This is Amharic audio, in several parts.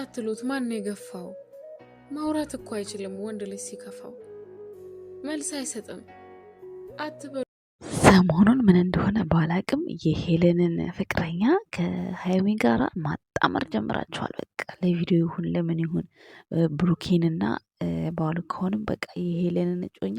እንዳትሉት ማን ነው የገፋው? ማውራት እኮ አይችልም ወንድ ልጅ ሲከፋው መልስ አይሰጥም አትበሉ። ሰሞኑን ምን እንደሆነ ባላቅም የሄለንን ፍቅረኛ ከሀይሚ ጋር ማጣመር ጀምራችኋል። በቃ ለቪዲዮ ይሁን ለምን ይሁን ብሩኬንና ባሉ ከሆንም በቃ የሄለንን እጮኛ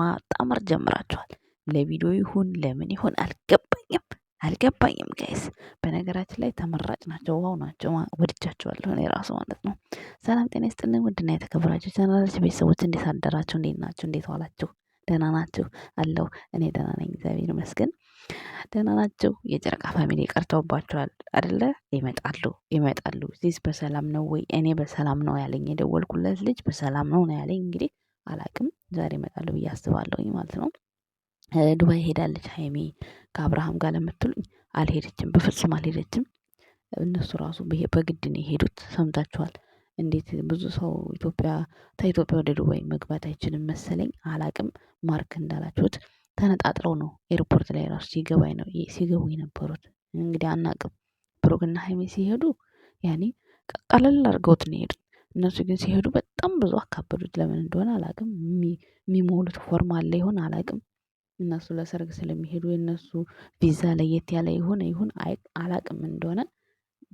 ማጣመር ጀምራችኋል። ለቪዲዮ ይሁን ለምን ይሁን አልገባኝም። አልገባኝም ጋይስ። በነገራችን ላይ ተመራጭ ናቸው፣ ዋው ናቸው፣ ወድጃቸዋለሁ እኔ ራሱ ማለት ነው። ሰላም ጤና ይስጥልኝ ውድና የተከበራችሁ ቻናላችን ቤተሰቦች እንዴት አደራችሁ? እንዴት ናችሁ? እንዴት ዋላችሁ? ደህና ናችሁ? አለው እኔ ደህና ነኝ እግዚአብሔር ይመስገን። ደህና ናቸው። የጨረቃ ፋሚሊ ቀርተውባቸዋል አደለ? ይመጣሉ ይመጣሉ። ዚስ በሰላም ነው ወይ? እኔ በሰላም ነው ያለኝ። የደወልኩለት ልጅ በሰላም ነው ነው ያለኝ። እንግዲህ አላቅም ዛሬ ይመጣሉ ብዬ አስባለሁኝ ማለት ነው። ዱባይ ሄዳለች ሀይሜ ከአብርሃም ጋር ለምትሉኝ አልሄደችም፣ በፍጹም አልሄደችም። እነሱ ራሱ በግድ ነው የሄዱት። ሰምታችኋል። እንዴት ብዙ ሰው ኢትዮጵያ ከኢትዮጵያ ወደ ዱባይ መግባት አይችልም መሰለኝ፣ አላቅም። ማርክ እንዳላችሁት ተነጣጥረው ነው ኤርፖርት ላይ ራሱ ሲገባኝ ነው ሲገቡ የነበሩት። እንግዲህ አናቅም። ብሩክና ሃይሜ ሲሄዱ ያኔ ቀለል አድርገውት ነው የሄዱት። እነሱ ግን ሲሄዱ በጣም ብዙ አካበዱት። ለምን እንደሆነ አላቅም። የሚሞሉት ፎርም አለ ይሆን አላቅም። እነሱ ለሰርግ ስለሚሄዱ የእነሱ ቪዛ ለየት ያለ የሆነ ይሁን አላቅም እንደሆነ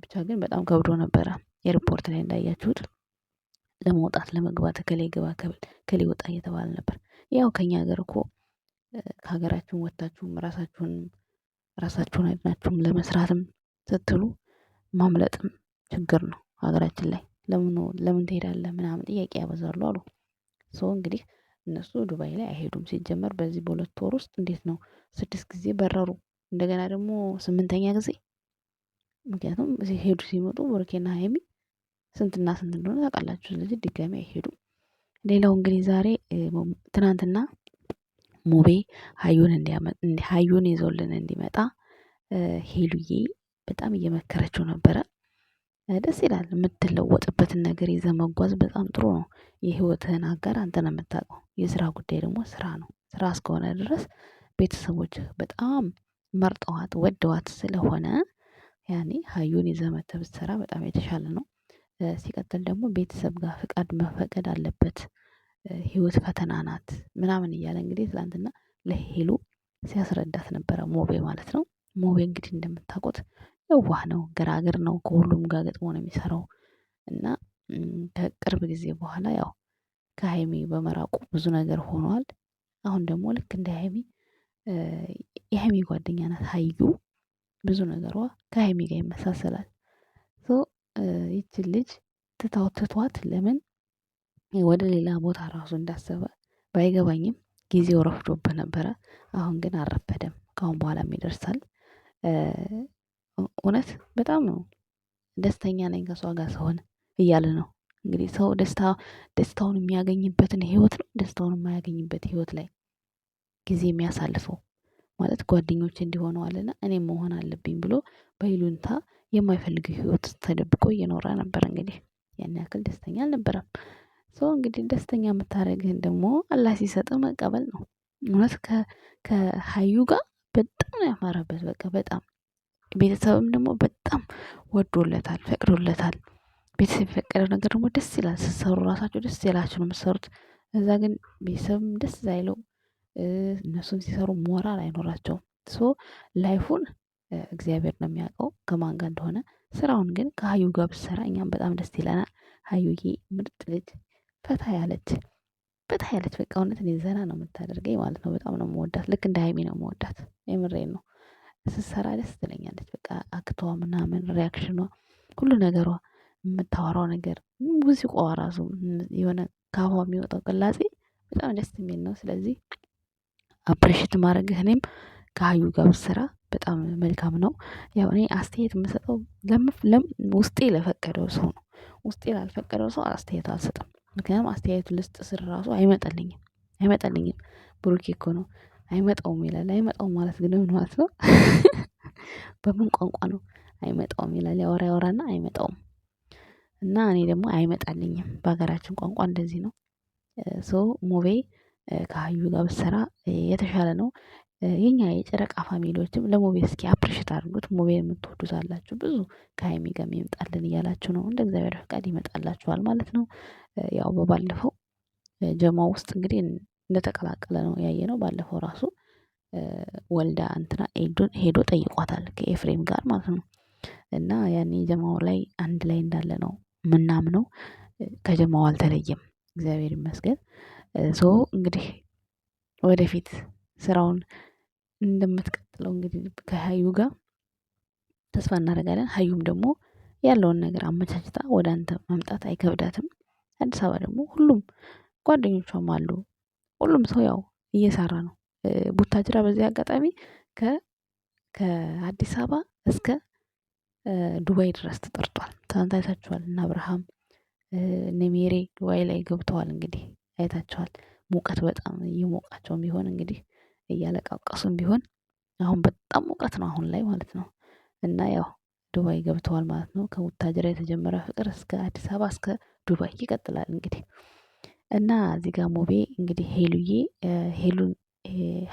ብቻ ግን በጣም ከብዶ ነበረ። የሪፖርት ላይ እንዳያችሁት ለመውጣት ለመግባት እከሌ ግባ እከሌ ወጣ እየተባለ ነበር። ያው ከኛ ሀገር እኮ ከሀገራችሁን ወጥታችሁም ራሳችሁን ራሳችሁን አድናችሁም ለመስራትም ስትሉ ማምለጥም ችግር ነው። ሀገራችን ላይ ለምን ለምን ትሄዳለህ ምናምን ጥያቄ ያበዛሉ አሉ። ሰው እንግዲህ እነሱ ዱባይ ላይ አይሄዱም ሲጀመር በዚህ በሁለት ወር ውስጥ እንዴት ነው ስድስት ጊዜ በረሩ እንደገና ደግሞ ስምንተኛ ጊዜ ምክንያቱም ሄዱ ሲመጡ ብሩኬና ሀይሚ ስንትና ስንት እንደሆነ ታውቃላችሁ። ስለዚህ ድጋሚ አይሄዱም። ሌላው እንግዲህ ዛሬ ትናንትና ሙቤ ሀዩን ሀዩን ይዞልን እንዲመጣ ሄሉዬ በጣም እየመከረችው ነበረ። ደስ ይላል የምትለወጥበትን ነገር ይዘ መጓዝ በጣም ጥሩ ነው። የህይወትህን አጋር አንተ ነው የምታውቀው የስራ ጉዳይ ደግሞ ስራ ነው ስራ እስከሆነ ድረስ ቤተሰቦች በጣም መርጠዋት ወደዋት ስለሆነ ያኔ ሀዩን ይዘህ ብትሰራ በጣም የተሻለ ነው። ሲቀጥል ደግሞ ቤተሰብ ጋር ፍቃድ መፈቀድ አለበት። ህይወት ፈተና ናት ምናምን እያለ እንግዲህ ትላንትና ለሄሉ ሲያስረዳት ነበረ ሞቤ ማለት ነው። ሞቤ እንግዲህ እንደምታውቁት የዋህ ነው ገራገር ነው ከሁሉም ጋር ገጥሞ ነው የሚሰራው። እና ከቅርብ ጊዜ በኋላ ያው ከሃይሚ በመራቁ ብዙ ነገር ሆኗል። አሁን ደግሞ ልክ እንደ ሃይሚ የሀይሚ ጓደኛ ናት ሃዩ ብዙ ነገሯ ከሀይሚ ጋር ይመሳሰላል። ሶ ልጅ ትታው ትቷት ለምን ወደ ሌላ ቦታ ራሱ እንዳሰበ ባይገባኝም ጊዜው ረፍዶብህ ነበረ። አሁን ግን አልረፈደም ከአሁን በኋላም ይደርሳል። እውነት በጣም ነው ደስተኛ ነኝ ከሷ ጋር ስሆን እያለ ነው። እንግዲህ ሰው ደስታ ደስታውን የሚያገኝበትን ህይወት ነው ደስታውን የማያገኝበት ህይወት ላይ ጊዜ የሚያሳልፈው ማለት ጓደኞች አለና እኔም መሆን አለብኝ ብሎ በይሉንታ የማይፈልግ ህይወት ተደብቆ እየኖረ ነበር። እንግዲህ ያን ያክል ደስተኛ አልነበረም። ሰው እንግዲህ ደስተኛ የምታደርግህን ደግሞ አላህ ሲሰጥ መቀበል ነው። እውነት ከሀዩ ጋር በጣም ነው ያማረበት በቃ በጣም ቤተሰብም ደግሞ በጣም ወዶለታል ፈቅዶለታል። ቤተሰብ የፈቀደው ነገር ደግሞ ደስ ይላል ስትሰሩ ራሳቸው ደስ ይላቸው ነው የምትሰሩት። እዛ ግን ቤተሰብም ደስ ዛይለው እነሱም ሲሰሩ ሞራል አይኖራቸውም። ሶ ላይፉን እግዚአብሔር ነው የሚያውቀው ከማን ጋር እንደሆነ ስራውን ግን ከሀዩ ጋር ብትሰራ እኛም በጣም ደስ ይለናል። ሀዩዬ ምርጥ ልጅ ፈታ ያለች ፈታ ያለች በቃ እውነት እኔ ዘና ነው የምታደርገኝ ማለት ነው። በጣም ነው መወዳት፣ ልክ እንደ ሃይሚ ነው መወዳት። የምሬን ነው ስትሰራ ደስ ትለኛለች በቃ አክቷ ምናምን ሪያክሽኗ ሁሉ ነገሯ የምታወራው ነገር ሙዚቋ ራሱ የሆነ ከአፏ የሚወጣው ቅላጼ በጣም ደስ የሚል ነው። ስለዚህ አፕሬሽት ማድረግህ እኔም ከሀዩ ጋር ብትሰራ በጣም መልካም ነው። ያው እኔ አስተያየት የምሰጠው ውስጤ ለፈቀደው ሰው ነው። ውስጤ ላልፈቀደው ሰው አስተያየት አልሰጥም። ምክንያቱም አስተያየቱ ልስጥ ስር ራሱ አይመጣልኝም አይመጠልኝም። ብሩኬ እኮ ነው አይመጣውም ይላል። አይመጣውም ማለት ግን ምን ማለት ነው? በምን ቋንቋ ነው አይመጣውም ይላል? ያወራ ያወራና አይመጣውም። እና እኔ ደግሞ አይመጣልኝም በሀገራችን ቋንቋ እንደዚህ ነው። ሶ ሙቤ ከሀዩ ጋር ብትሰራ የተሻለ ነው። የኛ የጨረቃ ፋሚሊዎችም ለሙቤ እስኪ አፕሪሽት አድርጉት። ሙቤን የምትወዱታላችሁ ብዙ ከሀይሚ ጋርም ይምጣልን እያላችሁ ነው። እንደ እግዚአብሔር ፈቃድ ይመጣላችኋል ማለት ነው። ያው በባለፈው ጀማ ውስጥ እንግዲህ እንደተቀላቀለ ነው ነው። ባለፈው ራሱ ወልዳ እንትና ኤዶን ሄዶ ጠይቋታል ከኤፍሬም ጋር ማለት ነው። እና ያኔ ጀማው ላይ አንድ ላይ እንዳለ ነው ምናምነው። ከጀማው አልተለየም እግዚአብሔር ይመስገን። ሶ እንግዲህ ወደፊት ስራውን እንደምትቀጥለው እንግዲህ ከሀዩ ጋር ተስፋ እናደርጋለን። ሀዩም ደግሞ ያለውን ነገር አመቻችታ ወደ አንተ መምጣት አይከብዳትም። አዲስ አበባ ደግሞ ሁሉም ጓደኞቿም አሉ ሁሉም ሰው ያው እየሰራ ነው። ቡታጅራ በዚህ አጋጣሚ ከአዲስ አበባ እስከ ዱባይ ድረስ ተጠርቷል። ትናንት አይታችኋል እነ አብርሃም እነ ዱባይ ላይ ገብተዋል። እንግዲህ አይታችኋል ሙቀት በጣም እየሞቃቸውም ቢሆን እንግዲህ እያለቃቀሱም ቢሆን አሁን በጣም ሙቀት ነው አሁን ላይ ማለት ነው። እና ያው ዱባይ ገብተዋል ማለት ነው። ከቡታጅራ የተጀመረ ፍቅር እስከ አዲስ አበባ እስከ ዱባይ ይቀጥላል እንግዲህ እና እዚህ ጋር ሞቤ እንግዲህ ሄሉዬ ሄሉን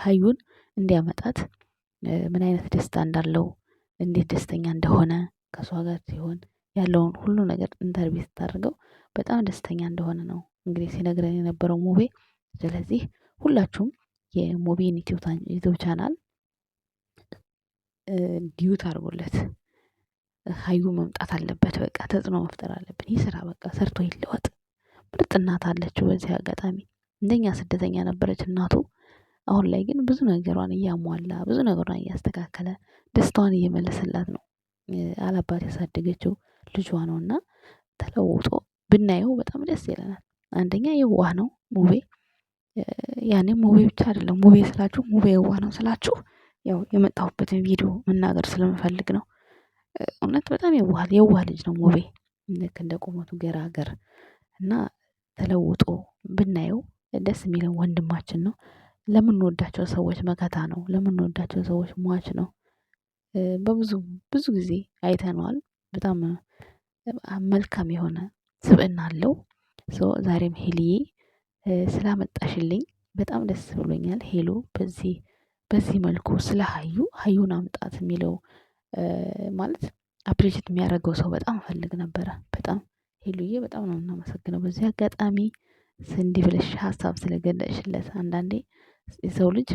ሀዩን እንዲያመጣት ምን አይነት ደስታ እንዳለው እንዴት ደስተኛ እንደሆነ ከሷ ጋር ሲሆን ያለውን ሁሉ ነገር ኢንተርቪው ስታደርገው በጣም ደስተኛ እንደሆነ ነው እንግዲህ ሲነግረን የነበረው ሞቤ። ስለዚህ ሁላችሁም የሞቤን ዩቲዩብ ቻናል ዲዩት አድርጎለት ሀዩ መምጣት አለበት። በቃ ተጽዕኖ መፍጠር አለብን። ይህ ስራ በቃ ሰርቶ ይለወጥ። ምርጥ እናት አለችው። በዚህ አጋጣሚ እንደኛ ስደተኛ ነበረች እናቱ። አሁን ላይ ግን ብዙ ነገሯን እያሟላ ብዙ ነገሯን እያስተካከለ ደስታዋን እየመለሰላት ነው። አላባት ያሳደገችው ልጇ ነው እና ተለውጦ ብናየው በጣም ደስ ይለናል። አንደኛ የዋህ ነው ሙቤ። ያኔ ሙቤ ብቻ አይደለም ሙቤ ስላችሁ ሙቤ የዋህ ነው ስላችሁ ያው የመጣሁበትን ቪዲዮ መናገር ስለምፈልግ ነው። እውነት በጣም የዋህ የዋህ ልጅ ነው ሙቤ ልክ እንደ ቁመቱ ገራገር እና ተለውጦ ብናየው ደስ የሚለው ወንድማችን ነው። ለምንወዳቸው ሰዎች መከታ ነው ለምንወዳቸው ሰዎች ሟች ነው። በብዙ ብዙ ጊዜ አይተነዋል በጣም መልካም የሆነ ስብዕና አለው። ዛሬም ሄልዬ ስላመጣሽልኝ በጣም ደስ ብሎኛል። ሄሎ በዚህ በዚህ መልኩ ስለ ሀዩ ሀዩን አምጣት የሚለው ማለት አፕሪሼት የሚያደርገው ሰው በጣም እፈልግ ነበረ በጣም ሄሉዬ በጣም ነው እናመሰግነው። በዚህ አጋጣሚ ስንዲ ብለሽ ሀሳብ ስለገለሽለት አንዳንዴ የሰው ልጅ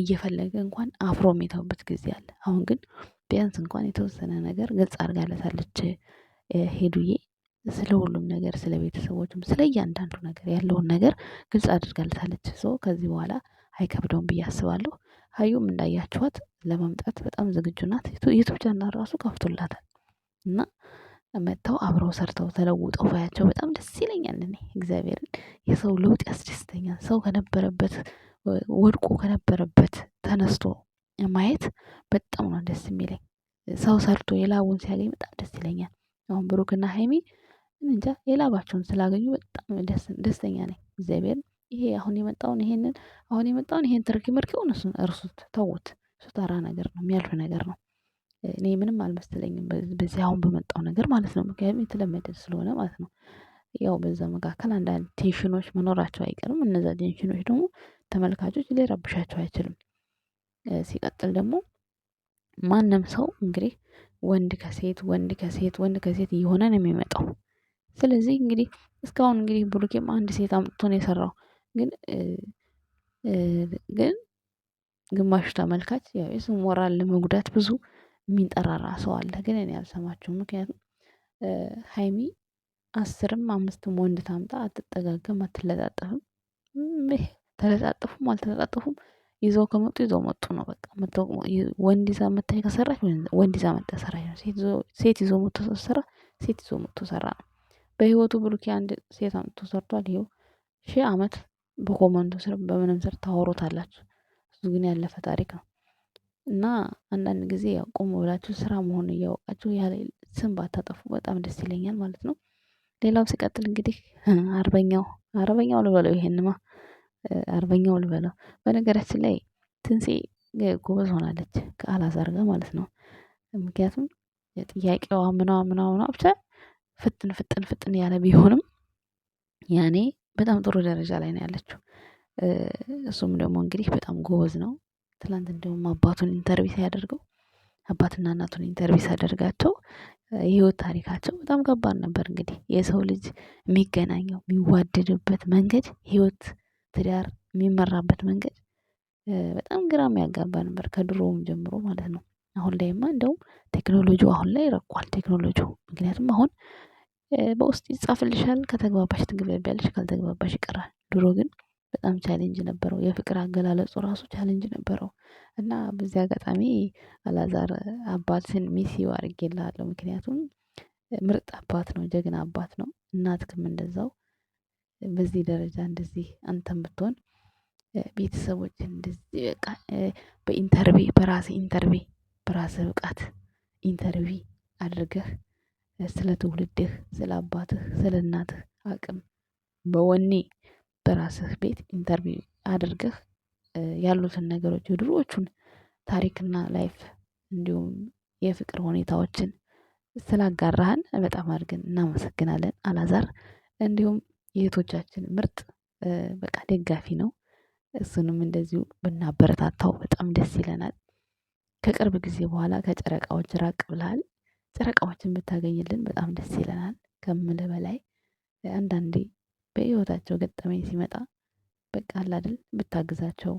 እየፈለገ እንኳን አፍሮ የሚተውበት ጊዜ አለ። አሁን ግን ቢያንስ እንኳን የተወሰነ ነገር ግልጽ አድርጋለታለች ሄዱዬ ስለ ሁሉም ነገር ስለ ቤተሰቦችም ስለ እያንዳንዱ ነገር ያለውን ነገር ግልጽ አድርጋለታለች። ሰው ከዚህ በኋላ አይከብደውም ብዬ አስባለሁ። ሀዩም እንዳያችኋት ለመምጣት በጣም ዝግጁ ናት። ዩቱብ ቻናል ራሱ ከፍቶላታል እና መጥተው አብረው ሰርተው ተለውጠው ባያቸው በጣም ደስ ይለኛል። እኔ እግዚአብሔርን የሰው ለውጥ ያስደስተኛል። ሰው ከነበረበት ወድቆ ከነበረበት ተነስቶ ማየት በጣም ነው ደስ የሚለኝ። ሰው ሰርቶ የላቡን ሲያገኝ በጣም ደስ ይለኛል። አሁን ብሩክና ሀይሚ እንጃ የላባቸውን ስላገኙ በጣም ደስተኛ ነኝ። እግዚአብሔር ይሄ አሁን የመጣውን ይሄንን አሁን የመጣውን ይሄን ትርኪ ምርኪውን እሱን እርሱት ተዉት። እሱ ተራ ነገር ነው የሚያልፍ ነገር ነው። እኔ ምንም አልመሰለኝም በዚህ አሁን በመጣው ነገር ማለት ነው። ምክንያቱም የተለመደ ስለሆነ ማለት ነው። ያው በዛ መካከል አንዳንድ ቴንሽኖች መኖራቸው አይቀርም እነዛ ቴንሽኖች ደግሞ ተመልካቾች ሊረብሻቸው አይችልም። ሲቀጥል ደግሞ ማንም ሰው እንግዲህ ወንድ ከሴት ወንድ ከሴት ወንድ ከሴት እየሆነ ነው የሚመጣው። ስለዚህ እንግዲህ እስካሁን እንግዲህ ብሩኬም አንድ ሴት አምጥቶ ነው የሰራው። ግን ግን ግማሹ ተመልካች ያው የሰው ሞራል ለመጉዳት ብዙ የሚንጠራራ ሰው አለ ግን እኔ አልሰማችሁም ምክንያቱም ሀይሚ አስርም አምስትም ወንድ ታምጣ አትጠጋገም አትለጣጠፍም። ተለጣጠፉም አልተለጣጠፉም ይዘው ከመጡ ይዘው መጡ ነው በቃ። ወንድ ይዛ መታ ከሰራች ወንድ ይዛ መታ ሰራች ነው። ሴት ይዞ መቶ ሰራ ሴት ይዞ መጥቶ ሰራ ነው። በህይወቱ ብሩኬ አንድ ሴት አምጥቶ ሰርቷል። ይኸው ሺህ አመት በኮመንቶ ስር በምንም ስር ታወሩታላችሁ። እሱ ግን ያለፈ ታሪክ ነው። እና አንዳንድ ጊዜ ያው ቆም ብላችሁ ስራ መሆኑ እያወቃችሁ ያለ ስም ባታጠፉ በጣም ደስ ይለኛል ማለት ነው። ሌላው ሲቀጥል እንግዲህ አርበኛው አርበኛው ልበለው ይሄንማ አርበኛው ልበለው በነገራችን ላይ ትንሴ ጎበዝ ሆናለች ከአላዛር ጋር ማለት ነው። ምክንያቱም ጥያቄዋ ምና ምና ምና ብቻ ፍጥን ፍጥን ፍጥን ያለ ቢሆንም ያኔ በጣም ጥሩ ደረጃ ላይ ነው ያለችው። እሱም ደግሞ እንግዲህ በጣም ጎበዝ ነው ትላንት እንዲሁም አባቱን ኢንተርቪ ሲያደርገው አባትና እናቱን ኢንተርቪ ሲያደርጋቸው የህይወት ታሪካቸው በጣም ከባድ ነበር። እንግዲህ የሰው ልጅ የሚገናኘው የሚዋደድበት መንገድ ህይወት፣ ትዳር የሚመራበት መንገድ በጣም ግራ ያጋባ ነበር ከድሮውም ጀምሮ ማለት ነው። አሁን ላይማ እንደውም ቴክኖሎጂው አሁን ላይ ረቋል ቴክኖሎጂው። ምክንያቱም አሁን በውስጥ ይጻፍልሻል ከተግባባሽ ትግባቢያለሽ ካልተግባባሽ ይቀራል። ድሮ ግን በጣም ቻሌንጅ ነበረው የፍቅር አገላለጹ ራሱ ቻሌንጅ ነበረው። እና በዚህ አጋጣሚ አላዛር አባትን ሚስ ዩ ምክንያቱም ምርጥ አባት ነው ጀግና አባት ነው። እናትክም እንደዛው በዚህ ደረጃ እንደዚህ አንተም ብትሆን ቤተሰቦች እንደዚህ በቃ በኢንተርቪ በራሴ ኢንተርቪ በራሴ ብቃት ኢንተርቪ አድርገህ ስለ ትውልድህ ስለ አባትህ ስለ እናትህ አቅም በወኔ በራስህ ቤት ኢንተርቪው አድርገህ ያሉትን ነገሮች የድሮዎቹን ታሪክና ላይፍ እንዲሁም የፍቅር ሁኔታዎችን ስላጋራህን በጣም አድርገን እናመሰግናለን አላዛር። እንዲሁም የእህቶቻችን ምርጥ በቃ ደጋፊ ነው። እሱንም እንደዚሁ ብናበረታታው በጣም ደስ ይለናል። ከቅርብ ጊዜ በኋላ ከጨረቃዎች ራቅ ብለሃል። ጨረቃዎችን ብታገኝልን በጣም ደስ ይለናል ከምልህ በላይ አንዳንዴ በህይወታቸው ገጠመኝ ሲመጣ በቃ አላድል ብታግዛቸው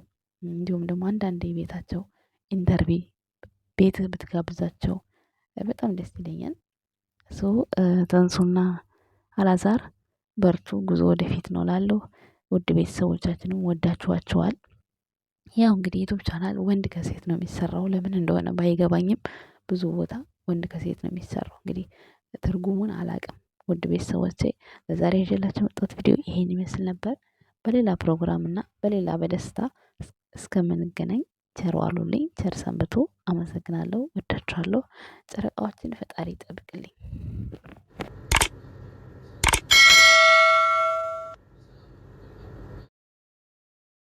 እንዲሁም ደግሞ አንዳንዴ ቤታቸው ኢንተርቪ ቤት ብትጋብዛቸው በጣም ደስ ይለኛል። ሶ ተንሱና አላዛር በርቱ ጉዞ ወደፊት ነው ላለሁ ውድ ቤተሰቦቻችንም ወዳችኋቸዋል። ያው እንግዲህ ዩቲዩብ ቻናል ወንድ ከሴት ነው የሚሰራው ለምን እንደሆነ ባይገባኝም ብዙ ቦታ ወንድ ከሴት ነው የሚሰራው እንግዲህ ትርጉሙን አላቅም። ውድ ቤተሰቦቼ ለዛሬ ይዤላችሁ የመጣሁት ቪዲዮ ይሄን ይመስል ነበር። በሌላ ፕሮግራም እና በሌላ በደስታ እስከምንገናኝ ቸር ዋሉልኝ፣ ቸር ሰንብቱ። አመሰግናለሁ፣ ወዳችኋለሁ። ጨረቃዎችን ፈጣሪ ይጠብቅልኝ።